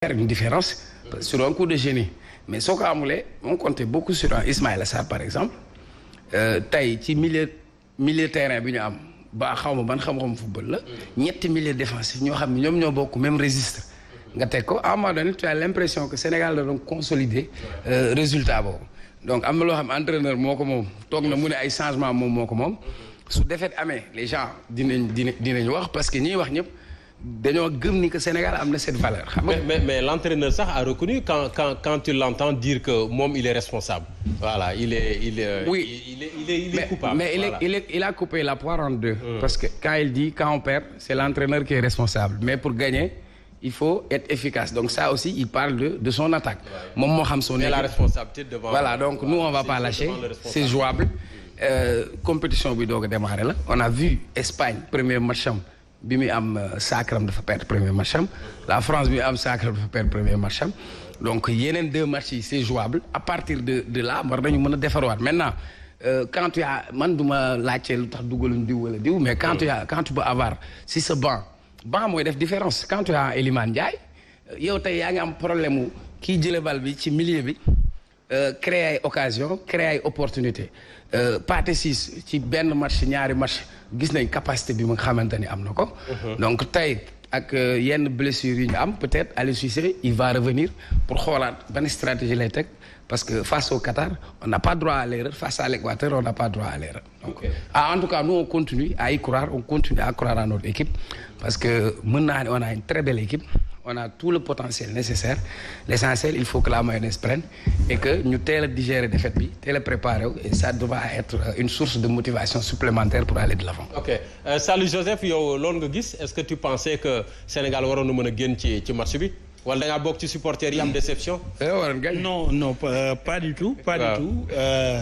faire une différence sur un coup de génie mais on comptait beaucoup sur Ismaël Ismaïla par exemple euh, milieu milieu terrain am football milieu défensif même à un moment donné tu as l'impression que le Sénégal a consolidé consolider euh, résultat donc am entraîneur je les gens parce que dañoo gëm que Sénégal a cette valeur. mais l'entraîneur sax a reconnu quand tu l'entends dire que Mom, il est responsable. voilà il est il oui il est il est coupable. mais il a coupé la poire en deux. Hmm. parce que quand il dit quand on perd c'est l'entraîneur qui est responsable mais pour gagner. il faut être efficace donc ça aussi il parle de son attaque Mom moo la responsabilité voilà donc nous on va pas lâcher c'est jouable euh, compétition bi doog on a vu Espagne premier match bi muy am euh, Sacram dafa perdre premier matcham. la France bi am Sacram dafa perdre premier match il donc yeneen deux matchs c'est jouable à partir de de là war nañu mën a defarwaat maintenant euh, quand tu as man du ma pas lu tax dugaluñ diw wala diw mais quand tu as quand tu peux avoir si ce banc y a def différence quand tu as Elimane Ndiaye euh, yow tey yaa ngi am problème qui kii jële bal bi ci milieu bi euh, créer occasion créer ay opportunité euh, Pathé si ci benn match ñaari match gis nañ capacité bi mu am mhm. donc tey ak euh, yenn blessure yi peut-être il va revenir pour xoolaat bonne stratégie lay teg parce que face au Qatar on n'a pas droit à l'erreur face à l'Équateur on n'a pas droit à l'erreur ah, en tout cas nous on continue à y croire on continue à croire à notre équipe parce que mën on a une très belle équipe on a tout le potentiel nécessaire l'essentiel il faut que la mayonnaise prenne et que nous teel digérer défaite préparer et ça doit être euh, une source de motivation supplémentaire pour aller de l'avant ok euh, salut Joseph est-ce que tu pensais que Sénégal waroon nous mën wala da ngaa bokk ci supporters yi déception. Eh, non non pas, pas du tout. pas du tout euh,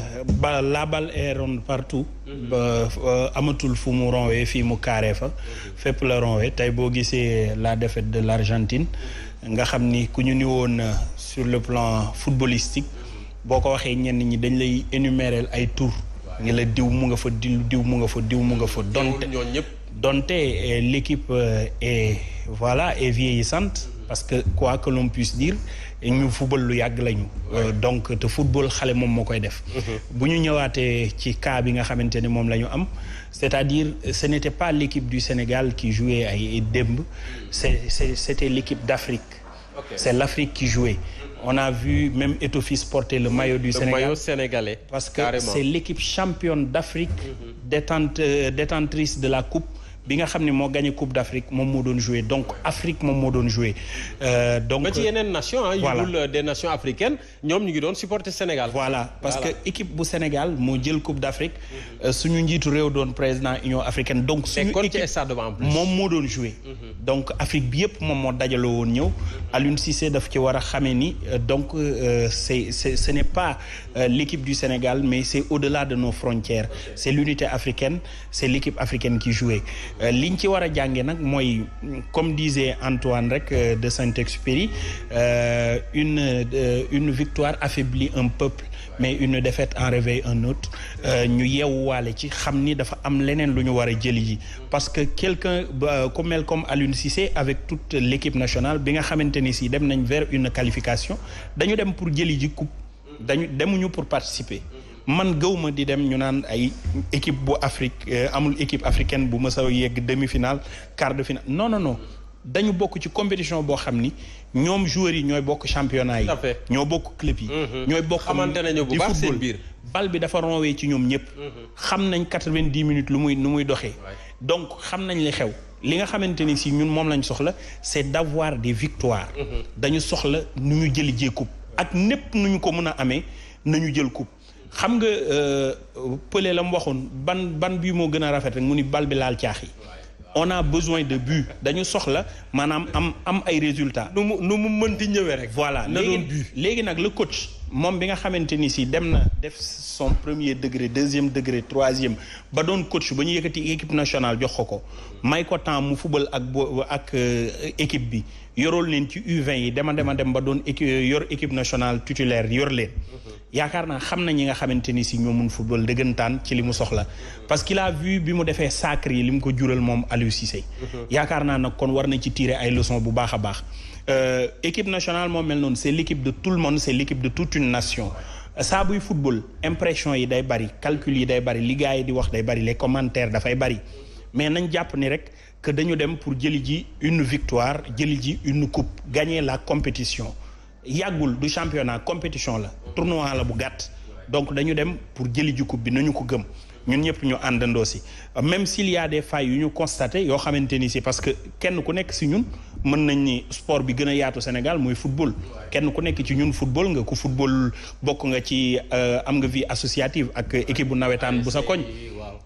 la balle est ronde partout. Mm amatul fu mu ronwee fii mu carré fa. Mhm. fépp la ronwee tey boo la défaite de l'Argentine nga xam ni euh, sur le plan footballistique boko ko waxee ñenn ñi dañ lay énumérer ay tour ngi la diw mu nga fa diw mu nga fa diw mu nga fa donte euh, l'équipe est voilà est vieillissante parce que quoi que l'on puisse dire nous, football lu euh, donc te football xalé mom def mm-hmm. buñu ñëwaaté ci cas bi nga c'est-à-dire ce n'était pas l'équipe du Sénégal qui jouait à Edem. c'était l'équipe d'Afrique c'est l'Afrique qui jouait on a vu même Etofis porter le maillot du le Sénégal. maillot sénégalais. Parce que c'est l'équipe championne d'Afrique, mm-hmm. euh, détentrice de la Coupe, bi nga xam mo coupe d'Afrique, mon mo moo jouer. donc Afrique mon moo doon euh, donc ba ci euh, yeneen nation il hein, voilà a euh, des nations africaines ñom ñu ngi doon supporter Sénégal. voilà parce que équipe bu Sénégal mo jël coupe d'afrique nous euh, suñu njitu rew doon président Union africaine donc. c'est équipe moom moo doon mhm. donc Afrique bi yëpp mom mo dajaloo woon à Aliou Cissé daf ci wara xamé ni donc c'est ce n'est pas l'équipe du Sénégal mais c'est au delà de nos frontières C'est l'unité africaine c'est l'équipe africaine qui jouait. Euh, liñ ci mm, comme disait Antoine rek euh, de Saint-Exupéry euh, une une victoire affaiblit un peuple mais une défaite en réveille un autre ñu sommes ci xam ni dafa am leneen lu ñu war a ji parce que quelqu'un comme mel comme Alun Cissé avec toute l'équipe nationale bi nga xamante ni si dem nañ vers une qualification dañu dem pour jëli ji coupe dañu demuñu pour participer man gëwma di dem ñu naan ay équipe bu Afrique euh, amul équipe africaine bu mës a yegg demi-finale quart de finale non non non dañu bokk ci compétition boo xam ni ñoom joueurs yi ñooy bokk championnat yi. ñoo bokk club yi. Mm-hmm. ñooy bokk xamante nañu bu baax seen biir bal bi dafa ronwee ci ñoom ñëpp. Mm-hmm. xam nañ quatre-vingt-dix minutes lu muy nu muy doxee. donc xam nañ li xew. li nga xamante ni si ñun moom lañ soxla c'est d'avoir des victoires. Mm-hmm. dañu soxla nu ñu jëli jee coupe. ak népp nu ñu ko mën a amee nañu jël coupe. xam nga euh, Pelé lam waxone ban ban bi mo gëna a rafet rek mu bal bi lal tiaxi on a besoin de but dañu soxla manam am am ay résultats. nu mu nu mu mënti ñëwee rek. voilà légui nak le coach moom bi nga xamante ni si dem na def son premier degré deuxième degré troisième ba doon coach ba ñu yëkkati équipe nationale jox ko ko may ko temps mu football ak ak euh, équipe bi Yorol leen ci U20 yi dema dema dem ba doon euh, yor équipe nationale titulaire yor leen yaakaar naa xam na ñi nga xamante ni si ñoo mun football dëggantaan ci li mu soxla parce qu'il a vu bi mu defee sacre yi li mu ko jural moom Aliou Cissé mhm. yaakaar naa nag kon war na ci tirer ay leçons bu baax a baax euh, équipe nationale c'est l'équipe de tout le monde c'est l'équipe de toute une nation c'est un football impression yi day bari calcul yi day bari li di wax day bari les commentaires fay bari mais nañ japp ni rek que dañu dem pour jëli une victoire jëli une coupe gagner la compétition Yagul du championnat compétition la tournoi la bu donc dañu dem pour jëli ji coupe bi nañu ko gëm ñun ñëpp ñu àndandoo si même s'il y a des failles yu ñu constaté yoo xamante ni si parce que kenn ku nekk si ñun mën nañu ni sport bi gën a yaatu Sénégal mooy football kenn ku nekk ci ñun football nga ku football bokk nga ci euh, am nga vie associative ak équipe bu nawetaan bu sa koñ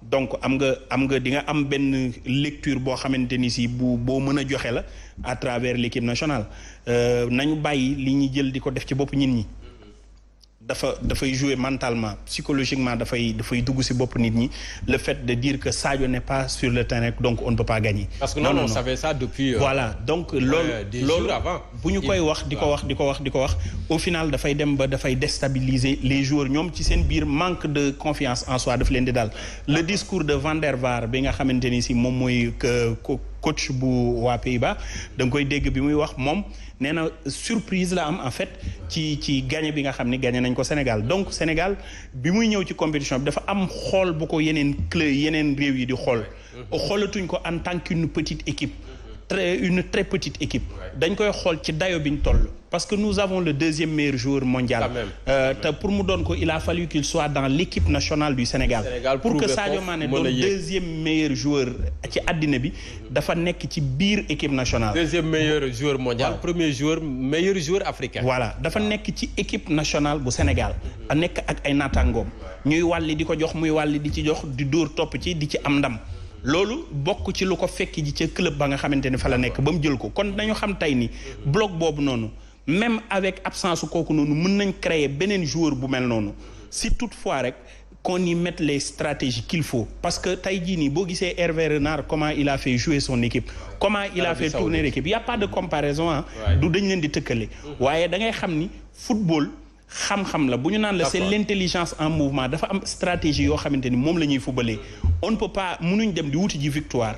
donc am nga am nga di nga am benn lecture boo xamante ni si bu boo mën a joxe la à travers l'équipe nationale euh, nañu bàyyi li ñu jël di ko def ci bopp ñin ñi dafa dafay jouer mentalement psychologiquement dafay dafay dugg ci bon nit ñi le fait de dire que Sadio n'est pas sur le terrain donc on ne peut pas gagner. parce que non non on savait ça depuis. Euh, voilà donc l'homme loolu euh, avant ñu koy wax di ko wax di ko wax au final dafay dem ba dafay déstabiliser les joueurs ñoom ci manque de confiance en soi de leen di le discours de Van der bi nga xamante ci mouille que que coach bu wa Pays-Bas dang koy dégg bi muy wax mom nee surprise la am en fait ci ci gagner bi nga xamni gagner gagné nañ ko Sénégal donc Sénégal bi muy ñëw ci compétition dafa am xol bu ko yenen club yenen rew yi di xol mm-hmm. xolatuñ ko en tant qu'une petite équipe très une très petite équipe. dañ koy ci parce que nous avons le deuxième meilleur joueur mondial. Euh, pour mu doon ko il a fallu qu'il soit dans l'équipe nationale du Sénégal. pour que Sadio Mané le deuxième meilleur joueur ci àddina bi. Mhm. dafa nekk équipe nationale. deuxième meilleur joueur mondial. premier joueur meilleur joueur africain. voilà dafa nekk ci équipe nationale bu Sénégal. a mhm. nekk ak ay naataangoom. ñuy wàlli di ko jox muy wàlli di ci jox di ci di ci loolu bokku ci luko ko fekk que le club ba nga xamanteni fa la nek ba jël ko kon dañu xam tay ni bloc bobu noonu même avec absence kooku noonu mën nañ créer benen joueur bu mel noonu si toutefois rek qu'on y mette les stratégies qu'il faut parce que Taïdini, jii ni boo Hervé Renard comment il a fait jouer son équipe comment il a fait tourner l'équipe Il n'y a pas de comparaison d'où hein. du dañ leen di tëkkale Ouais, mmh. da ngay football xam-xam la bu ñu naan la c'est l'intelligence en mouvement dafa am stratégie yoo xamante ni moom la ñuy fubalee on ne peut pas mënuñ dem di wuti ji victoire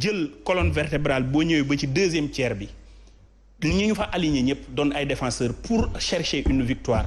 jël colonne vertébrale boo ñëwee ba ci deuxième tiers bi ñu ngi fa aligné ñëpp doon ay défenseurs pour chercher une victoire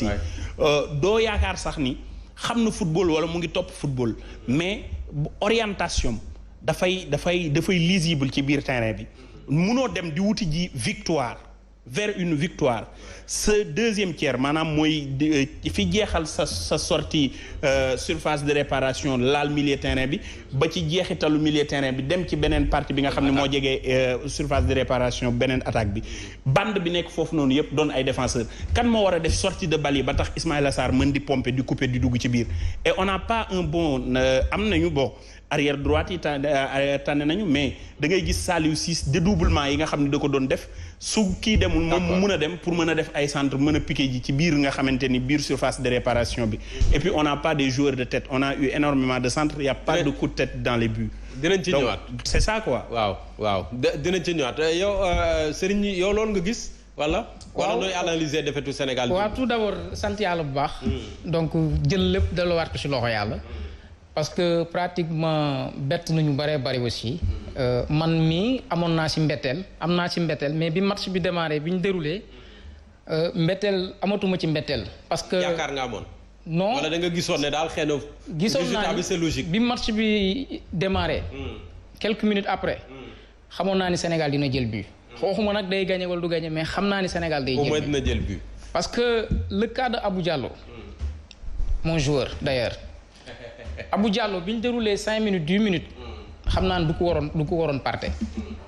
BBC. Euh, doo yaakaar sax ni xam na football wala mu ngi topp football mais orientation dafay dafay dafay lisible ci biir terrain bi munoo dem di wuti ji victoire. vers une victoire ce deuxième tiers maintenant, y euh, fi sa sa sortie euh, surface de réparation laal milieu bi ba ci milieu terrain bi dem ci y partie bi nga xam ne euh, surface de réparation beneen attaque bi bande bi non, défenseur Quand a def sortie de balle Ismaël ba tax Ismaïla coupé, et on n'a pas un bon bon arrière droite yi euh, euh, tànn nañu mais da ngay gis Saliou Ciss dédoublement yi nga xamni da ko doon def su ki demul moom mu dem pour mën def ay centre mën a piqué ji ci biir nga xamanteni ni biir surface de réparation bi et puis on n'a pas des joueurs de tête on a eu énormément de centres y a pas de coup de tête dans les buts dinañ ci ñëwaat c'est ça quoi waaw waaw dinañ ci ñëwaat euh, yow Serigne yow lool nga gis voilà waaw nooy analyser défaite Sénégal waaw tout d'abord sant yalla bu baax hmm. donc jël lépp delluwaat ko ci loxo yalla parce que pratiquement bett nañu bëree bëri aussi euh, man mi amon naa ci mbetteel amna ci mbetteel mais bi match bi démarré bi ñu déroulé euh, mbetteel amatuma ci mbetteel. parce que yakar nga amoon. non wala da nga gissone ne daal xëy na. gisoon c'est logique. bi match bi démarré. Hmm. quelques minutes après. Hmm. xamoon naa ni Sénégal dina jël but. xoxuma hmm. nak day gagner wala du gagner mais xamna ni Sénégal day. jël but au moins dina jël but. parce que le cas de Abou Diallo. mon joueur d'ailleurs Abou Diallo bi ñu déroulé cinq minutes dix minutes xam naa du ko waroon du ko waroon parte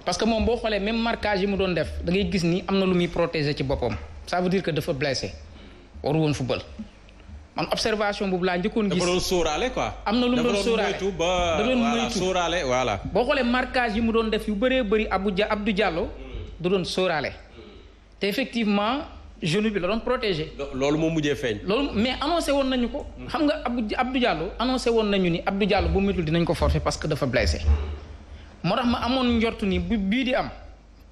parce que moom boo xoolee même marquage yi mu doon def da ngay gis ni am na lu muy protéger ci boppam ça veut dire que dafa blessé waru woon football man observation boobu laa njëkkoon gis. dafa doon sóoraale quoi. am na lu mu doon sóoraale ba. da doon moytu sóoraale boo xoolee marquage yi mu doon def yu bëree bari Abou Dia Abdou Diallo. da doon sóoraale. te effectivement. genou bi la doon protégé. loolu moo mujjee feeñ. loolu mais annoncé woon nañu ko. xam nga Abdou Abdou Diallo annoncé woon nañu ni Abdou Diallo bu métul dinañ ko forfait parce que dafa blessé moo tax ma amoon njortu ni bu bii di am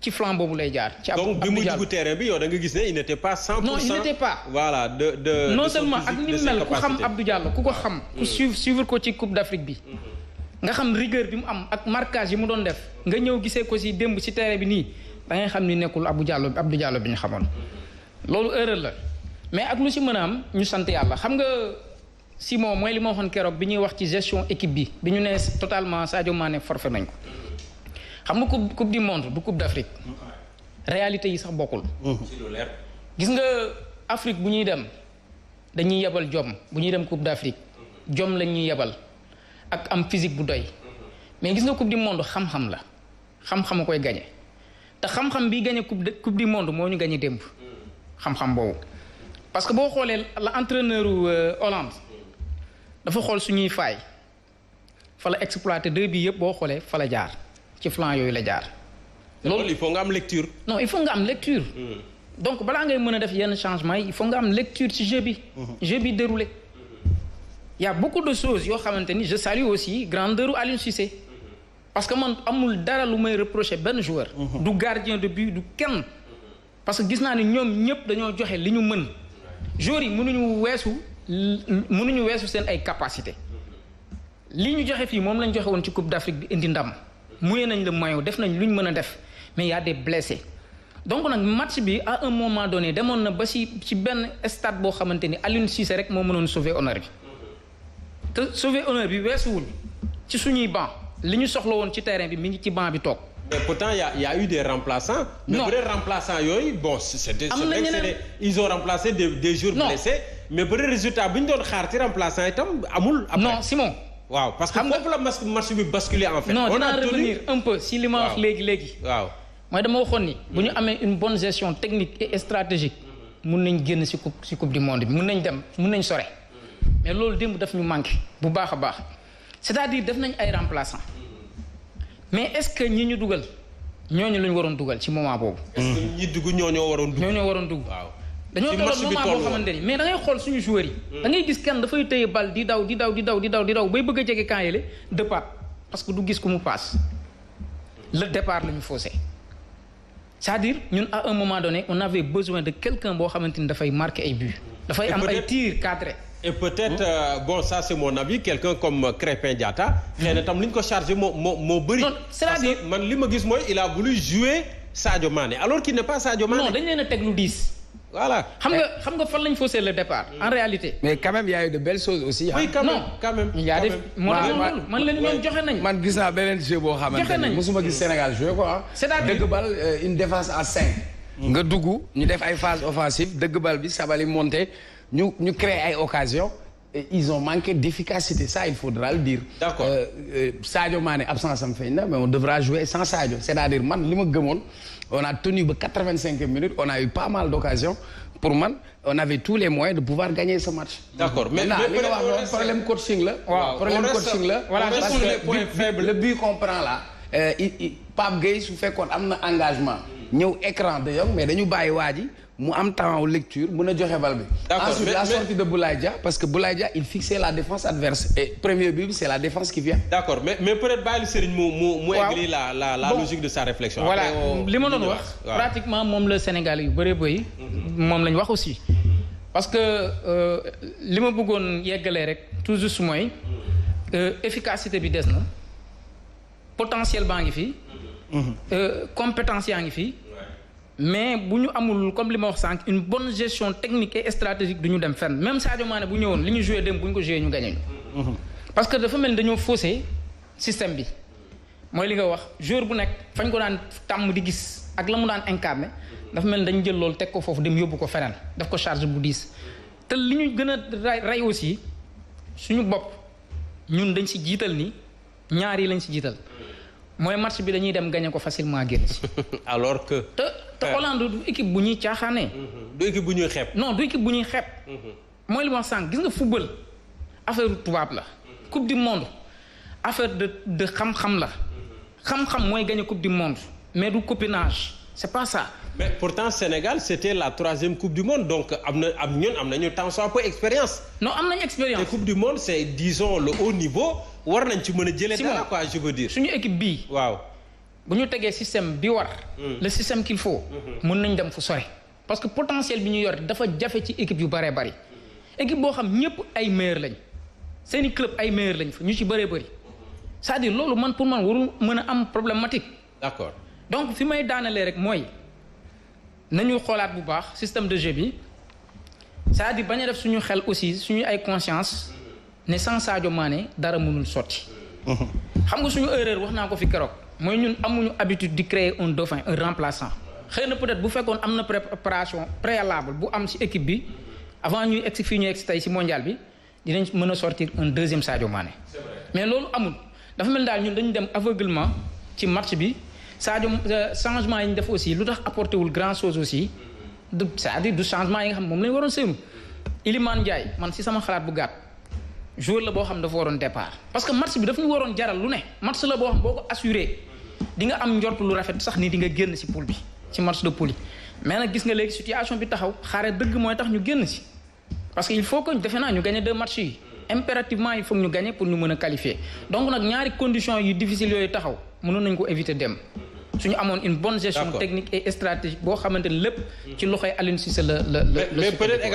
ci flan boobu lay jaar. ci donc bi mu dugg terrain bi yow da nga gis ne il était pas. 100 non il n'était pas. voilà de de non seulement ak ni mel ku xam Abdou Diallo ku ko xam. Mm. ku suivre suivre ko ci Coupe d'Afrique bi. Mm. nga xam rigueur bi mu am ak marquage yi mu doon def. nga ñëw gisee ko si démb si terrain bi nii da ngay xam ni nekkul Abdou Diallo Abdou Diallo bi ñu xamoon loolu erreur la mais ak lu ci mën a am ñu sant yàlla xam nga Simon mooy li ma waxoon keroog bi ñuy wax ci gestion équipe bi bi ñu nee totalement Sadio Mané forfait nañ ko xam nga coupe coupe du monde du coupe d' réalité yi sax bokkul. gis nga Afrique bu ñuy dem dañuy yebal jom bu ñuy dem coupe d' Afrique jom lañ ñuy yebal ak am physique bu doy mais gis nga coupe du monde xam-xam la xam-xam a koy gañe te xam-xam bi gañe coupe coupe du monde moo ñu gañe démb. xam-xam boobu parce que boo xoolee la entraîneur euh, Hollande dafa xool suñuy faay fa la exploité deux bi yëpp boo xoolee fa la jaar ci flan yooyu la jaar. loolu il faut nga am lecture. non il faut nga am lecture. Hmm. donc balaa ngay mën a def yenn changement yi il faut nga am lecture ci jeu bi. Hmm. jeu bi déroulé. y a beaucoup de choses yoo xamante ni je salue aussi grandeur aline Cissé. Hmm. parce que man amul dara lu may reprocher benn joueur. du gardien de but du kenn. parce que gis naa ni ñoom ñëpp dañoo joxe li ñu mën joueurs yi mënuñu weesu mënuñu weesu seen ay capacité li ñu joxe fii moom lañ joxe woon ci Coupe d'Afrique bi indi ndam muyee nañ la mayo def nañ luñ mën a def mais des blessés donc nag match bi à un moment donné demoon na ba si ci benn stade boo xamante ni Aliou Cissé rek moo mënoon sauver honneur bi te sauver honneur bi weesuwul ci suñuy banc li ñu soxla woon ci terrain bi mi ngi ci banc bi toog pourtant, il y, a eu des remplaçants. Mais pour les remplaçants, bon, ils ont remplacé des, des jours blessés. Mais pour les résultats, ils ont remplacé remplaçants. Non, Simon. Wow, parce que pourquoi la match basculé basculer en fait Non, on a revenir un peu. Si les mains légui légui. Wow. Moi, je me dis, si nous avons une bonne gestion technique et stratégique, nous peut gagner de la Coupe du Monde. Nous on peut Mais c'est ce qui nous manque. C'est-à-dire, nous avons des remplaçants. mais est-ce que ñi ñu dugal ñooñu lañu waroon dugal ci moment boobu. est-ce que ñi waroon dugg. ñooñoo waroon dugg waaw. dañoo tolloon moment boo xamante ni mais da ngay xool suñu joueurs yi. Hmm. da ngay gis kenn dafay tëye bal di daw di daw di daw di daw di daw bay bëgg a jege camp yële départ parce que du gis ku mu paas le départ la ñu faussé c'est-à-dire ñun a un moment donné on avait besoin de quelqu'un boo xamante ni dafay marqué ay buts. dafay am ay tir cadré. et peut-être hmm? euh, bon ça c'est mon avis quelqu'un comme euh, Crépin Diata, xëy n'est ko chargé mon moo mon bëri. c'est-à-dire man li ma moi il a voulu jouer Sadio Mané alors qu'il n'est pas Sadio Mané. non dañ leen a teg lu voilà xam nga xam nga fan lañ le départ en réalité. mais quand même il y a eu de belles choses aussi. Hein. oui quand même quand même y a des man leen ñoom joxe nañ man gis jeu Sénégal quoi. cest la vie une défense à 5. Hmm. nga dugg ñu def ay phase offensive dëgg ça va les monter nous, créons des ay occasion ils ont manqué d'efficacité ça il faudra le dire. d'accord euh, euh, Sadio Mané absence am mais on devra jouer sans Sadio c'est-à-dire man li on a tenu 85 minutes on a eu pas mal d'occasions pour man on avait tous les moyens de pouvoir gagner ce match. d'accord mais maintenant problème nga le problème coaching là, problème coaching là, voilà parce que le but qu'on prend là. Euh, Pape Gueye su fekkoon a un engagement. un écran de mais dañu a un mu am temps lecture mun a joxe bal bi. ensuite mais, la sortie de Boulaye parce que Boulaye il fixait la défense adverse et premier but c'est la défense qui vient. d'accord mais mais peut-être le Serigne mu mu mu. la la la logique de sa réflexion. voilà li ma doon pratiquement mom le Sénégal yu bëree bëri. mom mhm. lañ wax aussi. parce que euh, li ma bëggoon yeggalee rek tout juste mooy euh, efficacité bi des na potentiel baa ngi fi. Mhm. Euh, compétence yaa fi mais bu ñu amul comme li ma wax sànq une bonne gestion technique et stratégique du ñu dem fenn même Sadio Mané bu ñëwoon li ñu joué dem bu ko joué ñu gagné ñu. Mhm. parce que dafa mel ni dañoo faussé système bi mooy li nga wax joueur bu nekk fañ ko daan tàmm di gis ak lamu daan incarné dafa mel ni dañu jël loolu teg ko foofu dem yóbbu ko feneen daf ko charge bu diis te li ñu gën a rey aussi suñu bopp ñun dañ si jiital ni ñaar yi lañ si jiital. mooy match bi dañuy dem gagné ko facilement génn si. alors que. te te Hollande du équipe bu ñuy caaxaanee. Mm-hmm. du équipe bu ñuy xeeb. non du équipe bu ñuy xep mm-hmm. mooy li ma gis nga football affaire tubaab la. Mm-hmm. coupe du monde affaire de de xam-xam la. xam-xam mooy gagné coupe du monde mais du copinage. c'est pas ça. mais pourtant Sénégal c'était la troisième coupe du monde donc nous avons am peu expérience. non am expérience. La coupe du monde c'est disons le haut niveau war nañ ci mëna jëlé dara quoi je veux dire. suñu équipe bi waaw bu ñu système bi war. Hmm. le système qu'il faut. Hmm. mën nañ dem fu parce que potentiel bi ñu yor dafa jafé ci équipe yu bëree baré équipe L'équipe xam ñëpp ay meilleur lañ une club ay meilleur lañ fa ñu ci c'est-à-dire loolu man pour man warul mëna a am problématique. d'accord donc fi may daanalee rek mooy nañu xoolaat bu baax système de jeu bi c'est-à-dire bañ a def suñu xel aussi suñu ay conscience ne sans Sadio Mané dara mënul sotti. Mhm. xam nga suñu erreur wax naa ko fi keroog mooy ñun amuñu habitude di créer un dauphin un remplaçant xëy na peut-être bu fekkoon am na préparation préalable bu am ci équipe bi avant ñuy egsi fii ñu egsi tey ci mondial bi dinañ mën a sortir un deuxième Sadio Mané. mais loolu amul dafa mel daal ñun dañu dem aveuglement ci match bi. Sadio eh, changement yi ñu def aussi lu a apporté wul grand chose aussi du c'est-à-dire du changement yi nga xam moom la ñu Iliman man si sama xalaat bu gàtt joueur la boo xam dafa waroon départ parce que match bi daf ñu waroon jaral lu ne match la boo xam boo ko assuré di nga am njort lu rafet sax ni di nga génn si poule bi ci match de poule yi mais nag gis nga léegi situation bi taxaw xaare dëgg mooy tax ñu génn si parce que il faut que defe ñu gagner deux matchs yi impérativement il faut nous gagner pour nous mener qualifier donc avons ñaari conditions difficiles. difficile devons taxaw éviter dem suñu avons une bonne gestion technique et stratégique nous xamante ne le ci Cissé le le